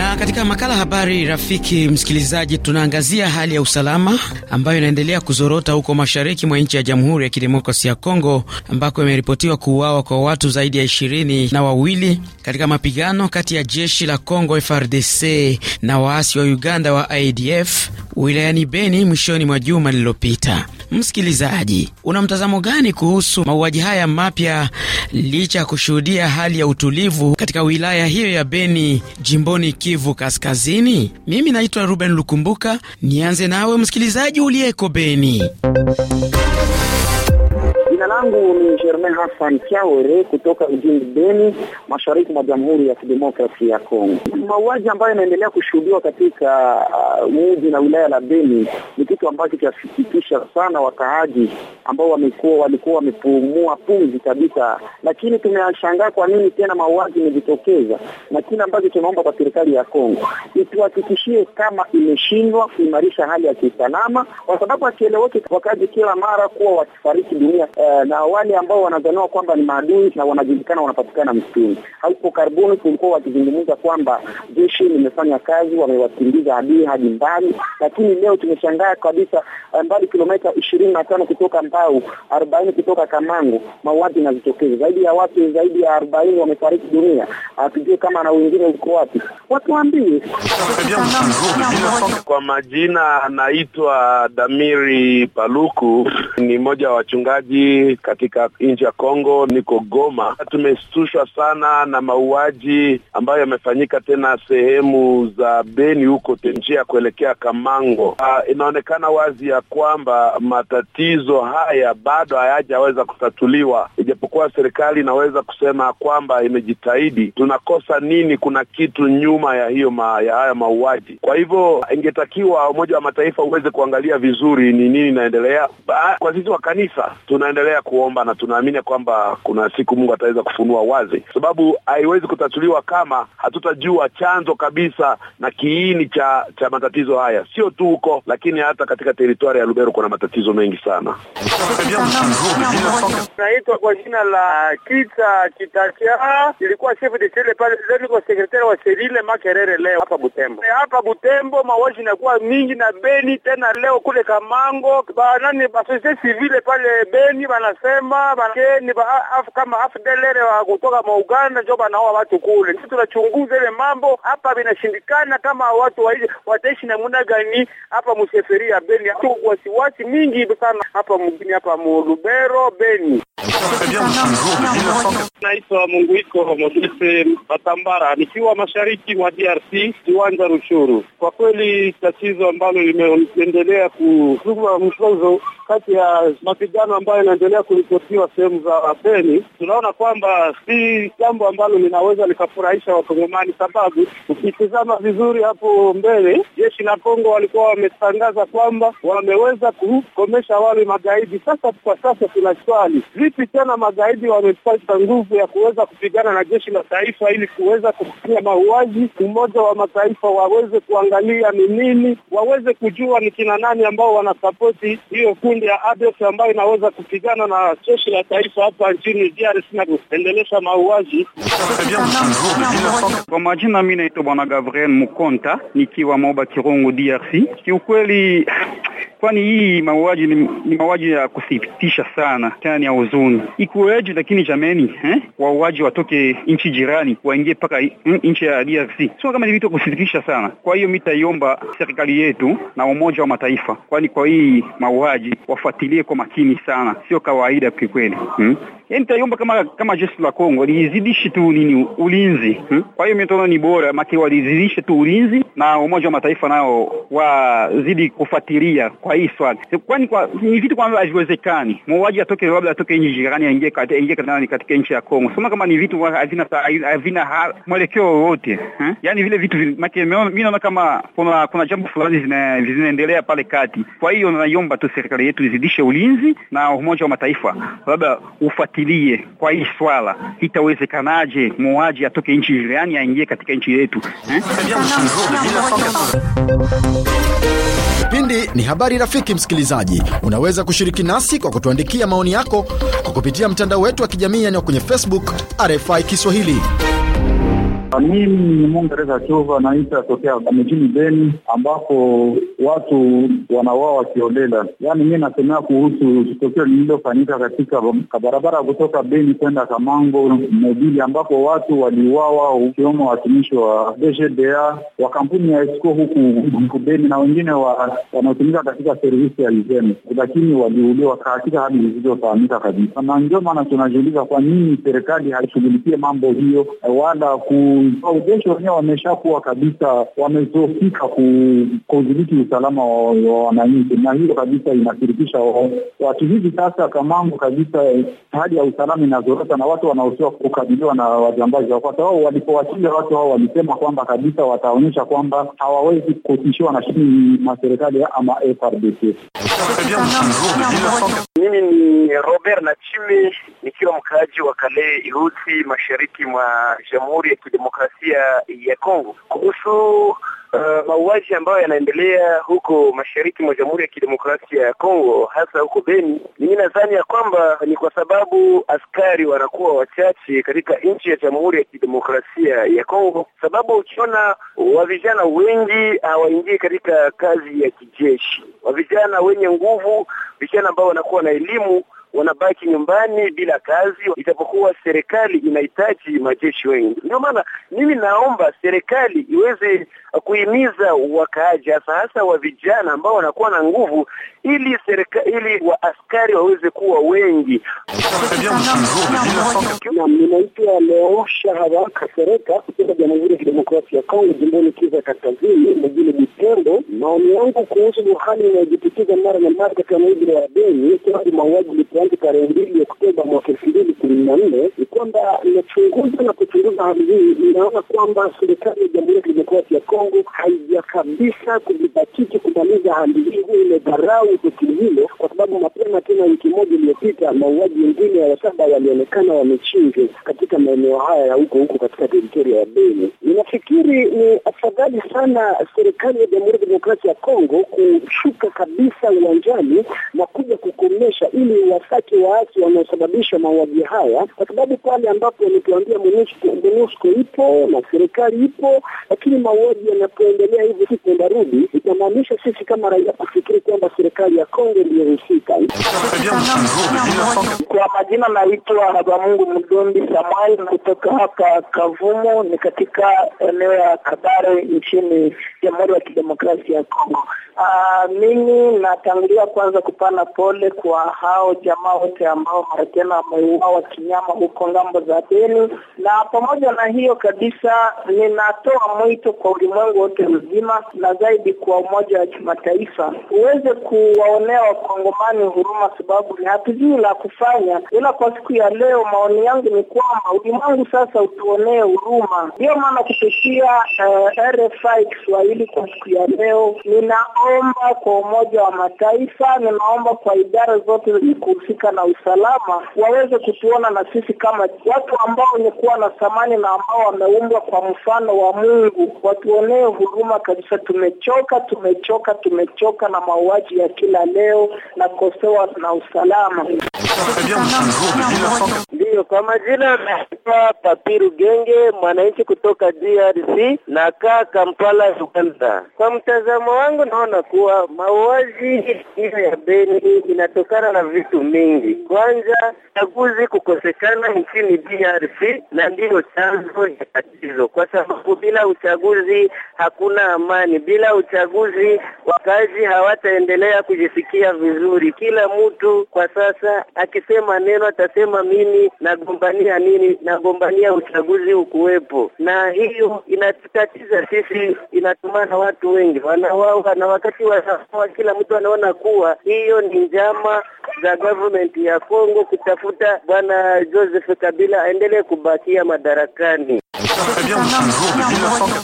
Na katika makala habari rafiki msikilizaji, tunaangazia hali ya usalama ambayo inaendelea kuzorota huko mashariki mwa nchi ya Jamhuri ya Kidemokrasia ya Kongo ambako imeripotiwa kuuawa kwa watu zaidi ya ishirini na wawili katika mapigano kati ya jeshi la Kongo frdc na waasi wa Uganda wa ADF wilayani Beni mwishoni mwa juma lililopita. Msikilizaji, una mtazamo gani kuhusu mauaji haya mapya licha ya kushuhudia hali ya utulivu katika wilaya hiyo ya Beni jimboni Kivu Kivu Kaskazini. Mimi naitwa Ruben Lukumbuka. Nianze nawe msikilizaji uliyeko Beni. Jina langu ni Germain Hassan Kyawere kutoka mjini Beni, mashariki mwa Jamhuri ya Kidemokrasia ya Kongo. Mauaji ambayo yanaendelea kushuhudiwa katika mji na wilaya la Beni ni kitu ambacho kinasikitisha sana wakaaji ambao wamekuwa walikuwa wamepumua pumzi kabisa, lakini tumeshangaa kwa nini tena mauaji imejitokeza, na kile ambacho tunaomba kwa serikali ya Kongo ituhakikishie kama imeshindwa kuimarisha hali ya kiusalama, kwa sababu akieleweke wakaaji kila mara kuwa wakifariki dunia e, na wale ambao wanazaniwa kwamba ni maadui na wanajulikana wanapatikana msituni. Haupo karibuni kulikuwa wakizungumza kwamba jeshi limefanya kazi, wamewakimbiza adui hadi mbali, lakini leo tumeshangaa kabisa, eh, mbali kilomita ishirini na tano kutoka Mbau, arobaini kutoka Kamango, mauaji yanajitokeza. Zaidi ya watu zaidi ya arobaini wamefariki dunia, hatujue kama na wengine uko wapi, watu waambie. Kwa majina anaitwa Damiri Paluku, ni mmoja wa wachungaji katika nchi ya Kongo, niko Goma. Tumeshtushwa sana na mauaji ambayo yamefanyika tena sehemu za Beni huko njia ya kuelekea Kamango. Uh, inaonekana wazi ya kwamba matatizo haya bado hayajaweza kutatuliwa, ijapokuwa serikali inaweza kusema kwamba imejitahidi. Tunakosa nini? Kuna kitu nyuma ya hiyo ma, ya haya mauaji. Kwa hivyo ingetakiwa Umoja wa Mataifa uweze kuangalia vizuri ni nini inaendelea. Kwa sisi wa kanisa tunaendelea kuomba na tunaamini kwamba kuna siku Mungu ataweza kufunua wazi, sababu haiwezi kutatuliwa kama hatutajua chanzo kabisa na kiini cha, cha matatizo matatizo haya, sio tu huko, lakini hata katika teritwari ya Lubero kuna matatizo mengi sana. Naitwa kwa jina la Kita Kitacha, ilikuwa chef de chele pale niko sekretari wa Serile Makerere. Leo hapa Butembo, eh, hapa Butembo mauaji inakuwa mingi na Beni, tena leo kule Kamango banani basosiete civile pale Beni banasema banakeni ba af, kama afdelere wa kutoka mauganda njo banaoa watu kule. Sisi tunachunguza ile mambo hapa, vinashindikana kama watu wa, wataishi tunaishi namna gani hapa msheferia Beni, wasiwasi mingi sana hapa mjini hapa Mulubero Beni. Naitwa Munguiko Modese Matambara, nikiwa mashariki mwa DRC, kiwanja Rushuru. Kwa kweli tatizo ambalo limeendelea kuzuma mzozo kati ya mapigano ambayo yanaendelea kuripotiwa sehemu za Beni, tunaona kwamba si jambo ambalo linaweza likafurahisha Wakongomani, sababu ukitizama vizuri hapo mbele, jeshi la Kongo walikuwa wametangaza kwamba wameweza kukomesha wale magaidi. Sasa kwa sasa tuna swali vipi tena magaidi wamepata nguvu ya kuweza kupigana na jeshi la taifa ili kuweza kufanya mauaji? Umoja wa Mataifa waweze kuangalia ni nini, waweze kujua ni kina nani ambao wanasapoti hiyo kundi ya ADF ambayo inaweza kupigana na jeshi la taifa hapa nchini DRC na kuendelesha mauaji. Kwa majina, mi naitwa Bwana Gabriel Mukonta nikiwa Moba Kirungu, DRC. Kiukweli kwani hii mauaji ni, ni mauaji ya kusikitisha sana, tena ni ya huzuni. Ikuweje lakini jameni eh? Wauaji watoke nchi jirani waingie mpaka nchi ya DRC, sio kama ni vitu kusikitisha sana. Kwa hiyo mitaiomba serikali yetu na Umoja wa Mataifa, kwani kwa hii mauaji wafuatilie kwa makini sana, sio kawaida kikweli, hmm? yani tayomba kama kama jeshi la Kongo lizidishe tu nini ulinzi hmm? Kwa hiyo mimi ni bora maki walizidishe tu ulinzi na Umoja wa Mataifa nao wazidi kufuatilia kwa hii swali, kwani kwa ni vitu kwamba haviwezekani muuaji atoke labda atoke nje jirani aingie aingie katika katika nchi ya Kongo, sema kama ni vitu havina havina mwelekeo wowote hmm? Yani vile vitu maki mimi naona kama kuna kuna jambo fulani zina, zinaendelea pale kati. Kwa hiyo naiomba tu serikali yetu izidishe ulinzi na Umoja wa Mataifa labda ufuatilie tufuatilie kwa hii swala, itawezekanaje muaji atoke nchi jirani aingie katika nchi yetu eh? ni habari rafiki. Msikilizaji, unaweza kushiriki nasi kwa kutuandikia maoni yako kwa kupitia mtandao wetu wa kijamii, yaani kwenye Facebook RFI Kiswahili. Mimi ni Mungereza Chova, naita tokea mjini Beni ambapo watu wanawao wakiolela. Yaani mi nasemea kuhusu tukio lililofanyika katika barabara kutoka Beni kwenda Kamango Mobili, ambapo watu waliuawa ukiwemo watumishi wa DGDA wa kampuni ya Esco huku huku Beni na wengine wa, wanaotumika katika servisi ya izeni, lakini waliuliwa katika hali zilizofahamika kabisa, na ndio maana tunajiuliza kwa nini serikali haishughulikie mambo hiyo wala ku jeshi wenyewe wameshakuwa kabisa wamezofika kudhibiti usalama wa wananchi, na hiyo kabisa inashirikisha watu hivi sasa. Kamango kabisa hali ya usalama inazorota, na watu wanaosiwa kukabiliwa na wajambazi wao. Kwa sababu walipowachinja watu hao walisema kwamba kabisa wataonyesha kwamba hawawezi kutishiwa na shini maserikali ama FRDC. Mimi ni Robert Nachime ikiwa mkaaji wa Kale Ihusi, mashariki mwa Jamhuri ya Kidemokrasia ya Kongo kuhusu Uh, mauaji ambayo yanaendelea huko mashariki mwa Jamhuri ya Kidemokrasia ya Kongo hasa huko Beni, mimi nadhani ya kwamba ni kwa sababu askari wanakuwa wachache katika nchi ya Jamhuri ya Kidemokrasia ya Kongo, sababu ukiona wavijana wengi hawaingii katika kazi ya kijeshi, wavijana wenye nguvu, vijana ambao wanakuwa na elimu wanabaki nyumbani bila kazi, ijapokuwa serikali inahitaji majeshi wengi. Ndio maana mimi naomba serikali iweze kuhimiza wakaaji, hasa hasa wa vijana ambao wanakuwa na nguvu, ili serikali, ili waaskari waweze kuwa wengi. Ninaitwa Leosha Shahabaka Sereka kutoka Jamhuri ya Kidemokrasia ya Kongo, jimboni Kivu Kaskazini, mjini Butembo. Maoni yangu kuhusu hali inayojitukiza mara na mara katika mji wa Beni, mauaji tangu tarehe mbili Oktoba mwaka elfu mbili kumi na nne ni kwamba inachunguza na kuchunguza hali hii, inaona kwamba serikali ya Jamhuri ya Kidemokrasia ya Kongo haija kabisa kujibatiki kumaliza hali hii, huwa imedharau tukio hilo, kwa sababu mapema tena wiki moja iliyopita mauaji wengine ya wasaba walionekana wamechinjwa katika maeneo haya ya huko huko katika teritoria ya Beni. Ninafikiri ni afadhali sana serikali ya Jamhuri ya Kidemokrasia ya Kongo kushuka kabisa uwanjani na kuja kukomesha ili kuwashtaki waasi wanaosababisha mauaji haya, kwa sababu pale ambapo wametuambia MONUSCO ipo na serikali ipo, lakini mauaji yanapoendelea hivi si kwenda rudi, itamaanisha sisi kama raia kufikiri kwamba serikali ya Kongo ndiyo husika. Kwa majina naitwa Habamungu Mdundi Samuel kutoka hapa kavumo ni katika eneo ya Kabare nchini Jamhuri ya Kidemokrasia ya Kongo. Ah, mimi natangulia kwanza kupana pole kwa hao jamaa wote ambao mara tena wameuawa kinyama huko ngambo za Beni, na pamoja na hiyo kabisa, ninatoa mwito kwa ulimwengu wote mzima na zaidi kwa Umoja wa Kimataifa uweze kuwaonea Wakongomani huruma, sababu ni hatujui la kufanya. Ila kwa siku ya leo, maoni yangu ni kwamba ulimwengu sasa utuonee huruma, ndiyo maana kupitia uh, eh, RFI Kiswahili Kiswahili kwa siku ya leo. Ninaomba kwa Umoja wa Mataifa, ninaomba kwa idara zote zenye kuhusika na usalama waweze kutuona na sisi kama watu ambao wenye kuwa na thamani na ambao wameumbwa kwa mfano wa Mungu, watuonee huruma kabisa. Tumechoka, tumechoka, tumechoka na mauaji ya kila leo na kosewa na usalama. Ndiyo, kwa majina naitwa Papiru Genge, mwananchi kutoka DRC na kaa Kampala, Uganda. Kwa mtazamo wangu, naona kuwa mauaji hiyo ya Beni inatokana na vitu mingi. Kwanza, chaguzi kukosekana nchini DRC, na ndiyo chanzo ya tatizo, kwa sababu bila uchaguzi hakuna amani. Bila uchaguzi wakazi hawataendelea kujisikia vizuri. Kila mtu kwa sasa akisema neno atasema mimi nagombania nini? Nagombania uchaguzi ukuwepo, na hiyo inatutatiza sisi, inatumana watu wengi wanawawa, na wakati wanawawa, kila mtu anaona kuwa hiyo ni njama za government ya Kongo kutafuta bwana Joseph Kabila aendelee kubakia madarakani.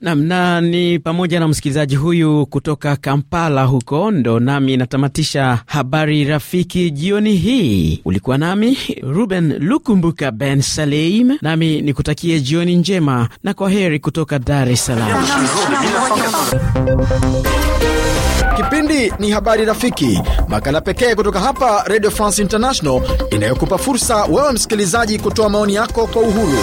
Nam na ni pamoja na msikilizaji huyu kutoka Kampala huko, ndo nami natamatisha habari rafiki jioni hii. Ulikuwa nami Ruben Lukumbuka Ben Saleim, nami nikutakie jioni njema na kwa heri kutoka Dar es Salaam. Kipindi ni Habari Rafiki, makala pekee kutoka hapa Radio France International inayokupa fursa wewe msikilizaji kutoa maoni yako kwa uhuru.